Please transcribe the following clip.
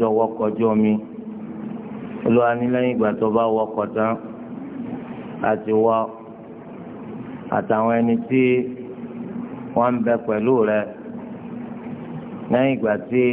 jọ wọkọ̀ ojú omi olúwa ní lẹ́yìn ìgbà tó bá wọkọ̀ tán àti wọ àtàwọn ẹni tí wọ́n ń bẹ pẹ̀lú rẹ̀ lẹ́yìn ìgbà tí.